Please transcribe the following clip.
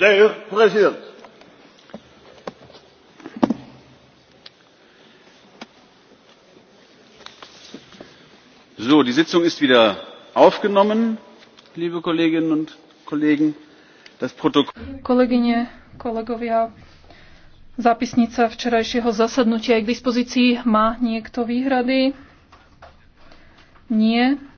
Dear President, So, die Sitzung ist wieder aufgenommen, liebe Kolleginnen und Kollegen. Das Protokoll. Kolleginnen, Kollegovia, zapisnica včerajšieho zasadnutia je k dispozícii. Má niekto výhrady? Nie.